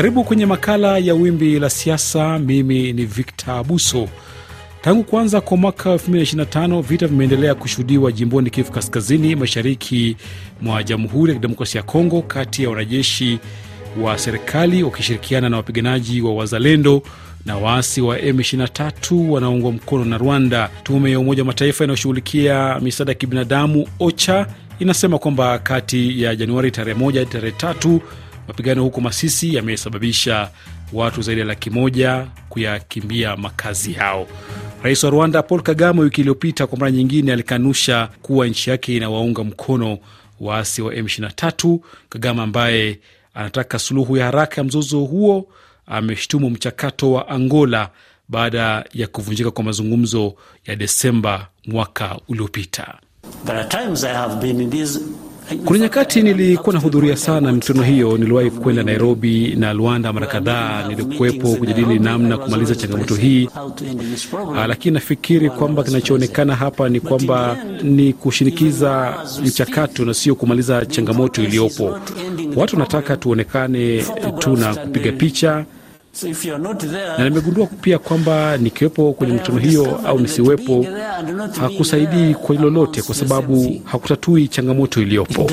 Karibu kwenye makala ya Wimbi la Siasa. Mimi ni Victor Abuso. Tangu kuanza kwa mwaka 2025 vita vimeendelea kushuhudiwa jimboni Kivu Kaskazini, mashariki mwa Jamhuri ya Kidemokrasia ya Kongo, kati ya wanajeshi wa serikali wakishirikiana na wapiganaji wa Wazalendo na waasi wa M23 wanaoungwa mkono na Rwanda. Tume ya Umoja wa Mataifa inayoshughulikia misaada ya kibinadamu OCHA inasema kwamba kati ya Januari tarehe 1 hadi tarehe 3 Mapigano huko Masisi yamesababisha watu zaidi ya laki moja kuyakimbia makazi yao. Rais wa Rwanda Paul Kagame wiki iliyopita kwa mara nyingine alikanusha kuwa nchi yake inawaunga mkono waasi wa M23. Kagame ambaye anataka suluhu ya haraka ya mzozo huo ameshtumu mchakato wa Angola baada ya kuvunjika kwa mazungumzo ya Desemba mwaka uliopita. Kuna nyakati nilikuwa nahudhuria sana mikutano hiyo. Niliwahi kwenda Nairobi na Luanda mara kadhaa, nilikuwepo kujadili namna kumaliza changamoto hii. Ah, lakini nafikiri kwamba kinachoonekana hapa ni kwamba ni kushinikiza mchakato na sio kumaliza changamoto iliyopo. Watu wanataka tuonekane, tu na kupiga picha na nimegundua pia kwamba nikiwepo kwenye mikutano hiyo au nisiwepo, hakusaidii kwa lolote, kwa sababu hakutatui changamoto iliyopo.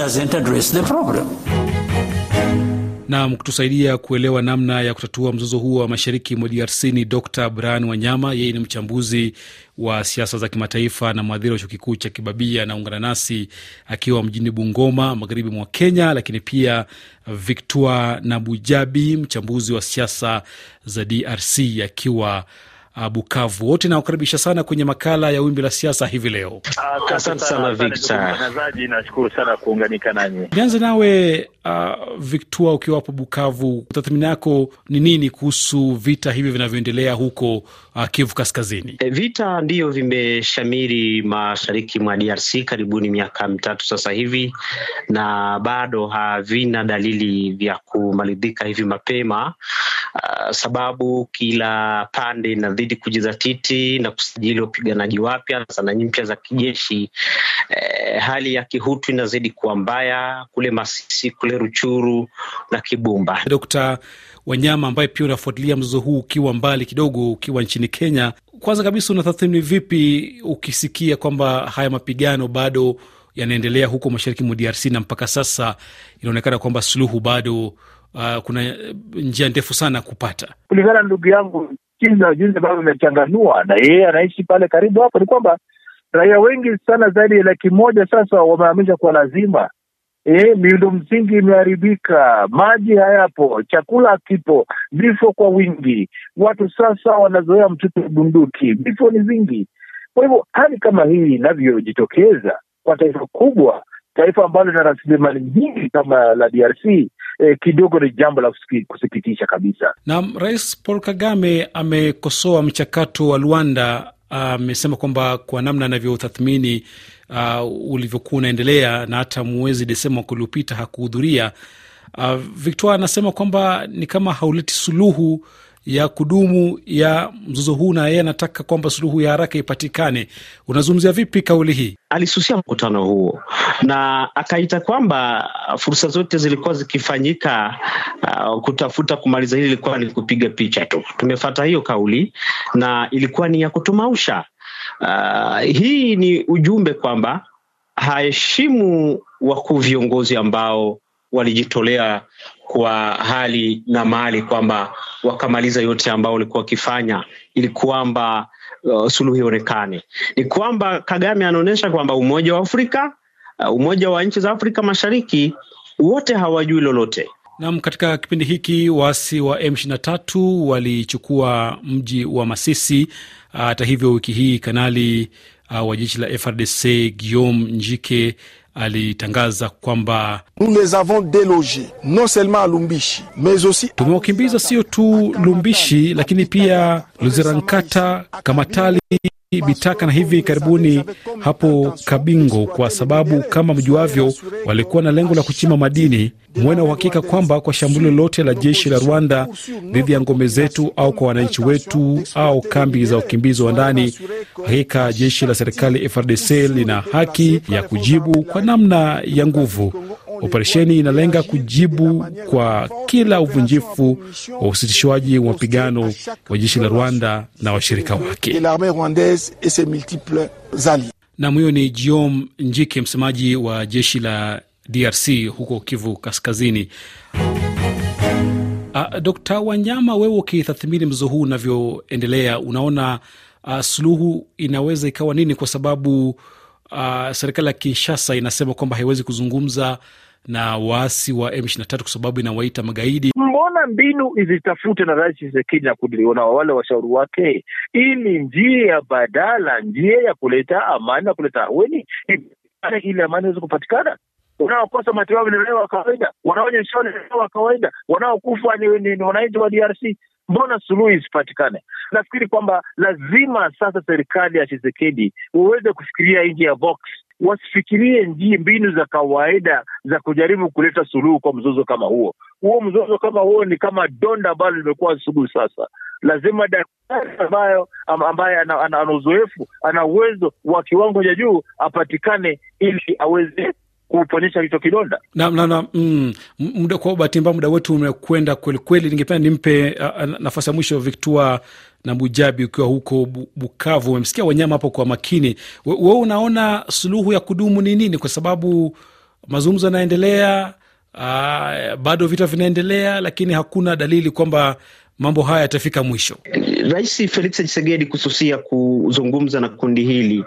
Nam, kutusaidia kuelewa namna ya kutatua mzozo huo wa mashariki mwa DRC ni Dr Brian Wanyama. Yeye ni mchambuzi wa siasa za kimataifa na mwadhiri wa chuo kikuu cha Kibabia. Anaungana nasi akiwa mjini Bungoma, magharibi mwa Kenya. Lakini pia Victor Nabujabi, mchambuzi wa siasa za DRC akiwa uh, Bukavu. Wote nawakaribisha sana kwenye makala ya Wimbi la Siasa hivi leo. Asante sana Victor, nashukuru sana kuunganika nanyi. Nianze nawe uh, Victor, ukiwa hapo Bukavu, tathmini yako ni nini kuhusu vita hivyo vinavyoendelea huko uh, Kivu Kaskazini? E, vita ndiyo vimeshamiri mashariki mwa DRC karibuni miaka mitatu sasa hivi, na bado havina dalili vya kumalizika hivi mapema. Uh, sababu kila pande inazidi kujizatiti na kusajili wapiganaji wapya na zana mpya za kijeshi. Eh, hali ya kihutu inazidi kuwa mbaya kule Masisi, kule Ruchuru na Kibumba. Dokta Wanyama, ambaye pia unafuatilia mzozo huu ukiwa mbali kidogo, ukiwa nchini Kenya, kwanza kabisa unatathmini vipi ukisikia kwamba haya mapigano bado yanaendelea huko mashariki mwa DRC na mpaka sasa inaonekana kwamba suluhu bado Uh, kuna njia ndefu sana kupata. Kulingana na ndugu yangu Chinza juzi ambavyo imechanganua na yeye anaishi pale karibu hapo, ni kwamba raia wengi sana zaidi ya laki moja sasa wamehamisha kwa lazima E, miundo msingi imeharibika, maji hayapo, chakula hakipo, vifo kwa wingi, watu sasa wanazoea mtoto bunduki, vifo ni vingi. Kwa hivyo hali kama hii inavyojitokeza kwa taifa kubwa, taifa ambalo lina rasilimali nyingi kama la DRC, eh, kidogo ni jambo la kusikitisha kabisa. Na Rais Paul Kagame amekosoa mchakato wa Luanda amesema uh, kwamba kwa namna anavyotathmini uh, ulivyokuwa unaendelea na hata mwezi Desemba mwaka uliopita hakuhudhuria. Uh, Victor anasema kwamba ni kama hauleti suluhu ya kudumu ya mzozo huu, na yeye anataka kwamba suluhu ya haraka ipatikane. Unazungumzia vipi kauli hii? Alisusia mkutano huo na akaita kwamba fursa zote zilikuwa zikifanyika, uh, kutafuta kumaliza hili ilikuwa ni kupiga picha tu. Tumefata hiyo kauli na ilikuwa ni ya kutumausha. Uh, hii ni ujumbe kwamba haheshimu wakuu viongozi ambao walijitolea kwa hali na mali, kwamba wakamaliza yote ambao walikuwa wakifanya ili kwamba uh, suluhu ionekane. Ni kwamba Kagame anaonyesha kwamba umoja wa Afrika, uh, umoja wa nchi za Afrika Mashariki wote hawajui lolote. Nam, katika kipindi hiki waasi wa M23 walichukua mji wa Masisi. Hata hivyo, wiki hii kanali uh, wa jeshi la FRDC Guillaume Njike alitangaza kwamba tumewakimbiza sio tu Lumbishi, lakini pia Luzirankata, Kamatali, Bitaka na hivi karibuni hapo Kabingo, kwa sababu kama mjuavyo, walikuwa na lengo la kuchimba madini. Muwe na uhakika kwamba kwa shambulio lolote la jeshi la Rwanda dhidi ya ngome zetu au kwa wananchi wetu au kambi za wakimbizi wa ndani, hakika jeshi la serikali FRDC lina haki ya kujibu kwa namna ya nguvu. Operesheni inalenga kujibu kwa kila uvunjifu wa usitishwaji wa mapigano wa jeshi la Rwanda na washirika wake. Nam, huyo ni jiom Njike, msemaji wa jeshi la DRC huko Kivu Kaskazini. Uh, ah, Dkt Wanyama, wewe ukitathmini mzozo huu unavyoendelea, unaona uh, suluhu inaweza ikawa nini? Kwa sababu uh, serikali ya Kinshasa inasema kwamba haiwezi kuzungumza na waasi wa M23 kwa sababu inawaita magaidi. Mbona mbinu izitafute na Rais Tshisekedi na kuliona wale washauri wake, ili njia ya badala, njia ya kuleta amani na kuleta aweni, ili amani iweze kupatikana wanaokosa matibabu ni raia wa kawaida, wanaonyeshwa ni raia wa kawaida, wanaokufa ni wananchi wa DRC mbona suluhu isipatikane? Nafikiri kwamba lazima sasa serikali ya Chisekedi waweze kufikiria nje ya box, wasifikirie njii mbinu za kawaida za kujaribu kuleta suluhu kwa mzozo kama huo. Huo mzozo kama huo ni kama donda ambalo limekuwa sugu. Sasa lazima daktari ambayo ambaye ana uzoefu, ana uwezo wa kiwango cha juu apatikane ili aweze kuponyesha hicho kidonda. Naam, naam, naam. Mm. Muda kwa bahati mbaya, muda wetu umekwenda kwelikweli. Ningependa nimpe nafasi ya mwisho Victor na Mujabi, ukiwa huko Bukavu, umemsikia wanyama hapo kwa makini. Wewe unaona suluhu ya kudumu ni nini? Kwa sababu mazungumzo yanaendelea, bado vita vinaendelea, lakini hakuna dalili kwamba mambo haya yatafika mwisho? Rais Felix Tshisekedi kususia kuzungumza na kundi hili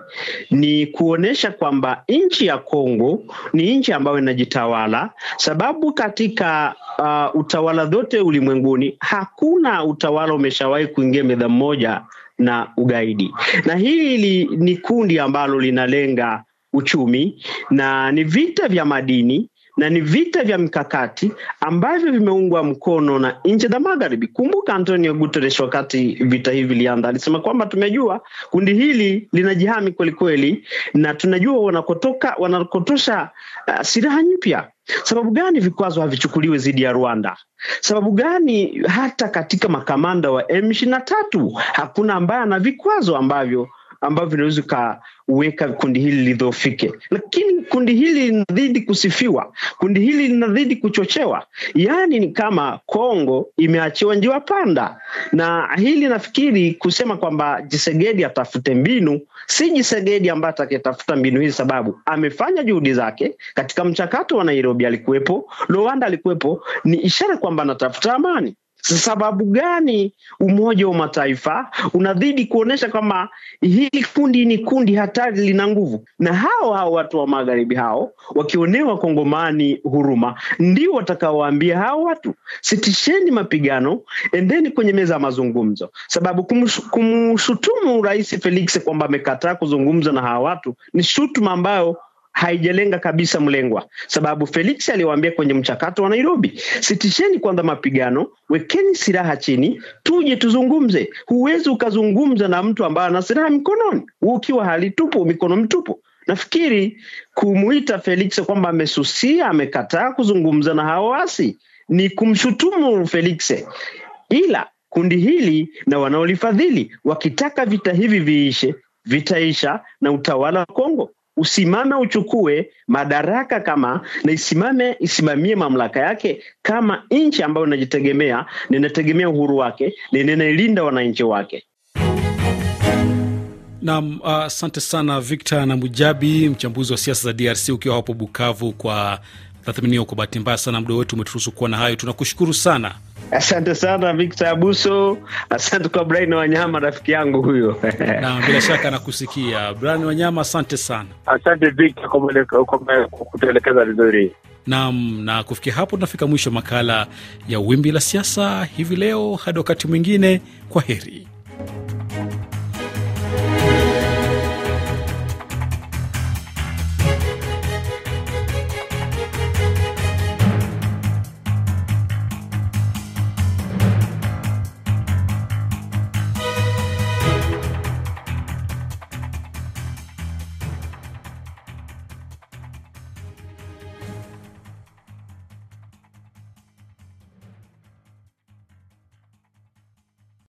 ni kuonyesha kwamba nchi ya Kongo ni nchi ambayo inajitawala, sababu katika uh, utawala zote ulimwenguni hakuna utawala umeshawahi kuingia meza mmoja na ugaidi, na hili ni kundi ambalo linalenga uchumi na ni vita vya madini na ni vita vya mkakati ambavyo vimeungwa mkono na nchi za magharibi. Kumbuka Antonio Guterres, wakati vita hivi vilianza, alisema kwamba tumejua kundi hili linajihami kwelikweli na tunajua wanakotoka wanakotosha uh, silaha mpya. Sababu gani vikwazo havichukuliwe dhidi ya Rwanda? Sababu gani hata katika makamanda wa M23 hakuna ambaye ana vikwazo ambavyo ambavyo vinaweza ukaweka kundi hili lidhofike. Lakini kundi hili linazidi kusifiwa, kundi hili linazidi kuchochewa, yaani ni kama Kongo imeachiwa njiwa panda. Na hili nafikiri kusema kwamba Jisegedi atafute mbinu, si Jisegedi ambaye atakayetafuta mbinu hii, sababu amefanya juhudi zake katika mchakato wa Nairobi, alikuwepo Rwanda, alikuwepo, ni ishara kwamba anatafuta amani sababu gani Umoja wa Mataifa unadhidi kuonyesha kwamba hili kundi ni kundi hatari, lina nguvu? Na hao hao watu wa magharibi hao wakionewa Kongomani huruma, ndio watakaowaambia hao watu, sitisheni mapigano, endeni kwenye meza ya mazungumzo, sababu kumshutumu Rais Felix kwamba amekataa kuzungumza na hawa watu ni shutuma ambayo haijalenga kabisa mlengwa, sababu Felix aliwaambia kwenye mchakato wa Nairobi, sitisheni kwanza mapigano, wekeni silaha chini, tuje tuzungumze. Huwezi ukazungumza na mtu ambaye ana silaha mikononi ukiwa hali tupu, mikono mtupu. Nafikiri kumuita Felix kwamba amesusia, amekataa kuzungumza na hao wasi ni kumshutumu Felix, ila kundi hili na wanaolifadhili wakitaka vita hivi viishe vitaisha na utawala wa Kongo usimame uchukue madaraka kama na isimame isimamie mamlaka yake kama nchi ambayo inajitegemea na inategemea uhuru wake na inailinda wananchi wake. Nam, asante uh, sana Victor na Mujabi, mchambuzi wa siasa za DRC, ukiwa hapo Bukavu kwa tathminio Kwa bahati mbaya sana muda wetu umeturuhusu kuwa na hayo, tunakushukuru sana. Asante sana Victor Abuso, asante kwa Brian Wanyama, rafiki yangu huyo. Na bila shaka nakusikia Brian Wanyama, asante sana. Asante Victor kwa kutuelekeza vizuri. Naam, na kufikia hapo tunafika mwisho makala ya Wimbi la Siasa hivi leo. Hadi wakati mwingine, kwa heri.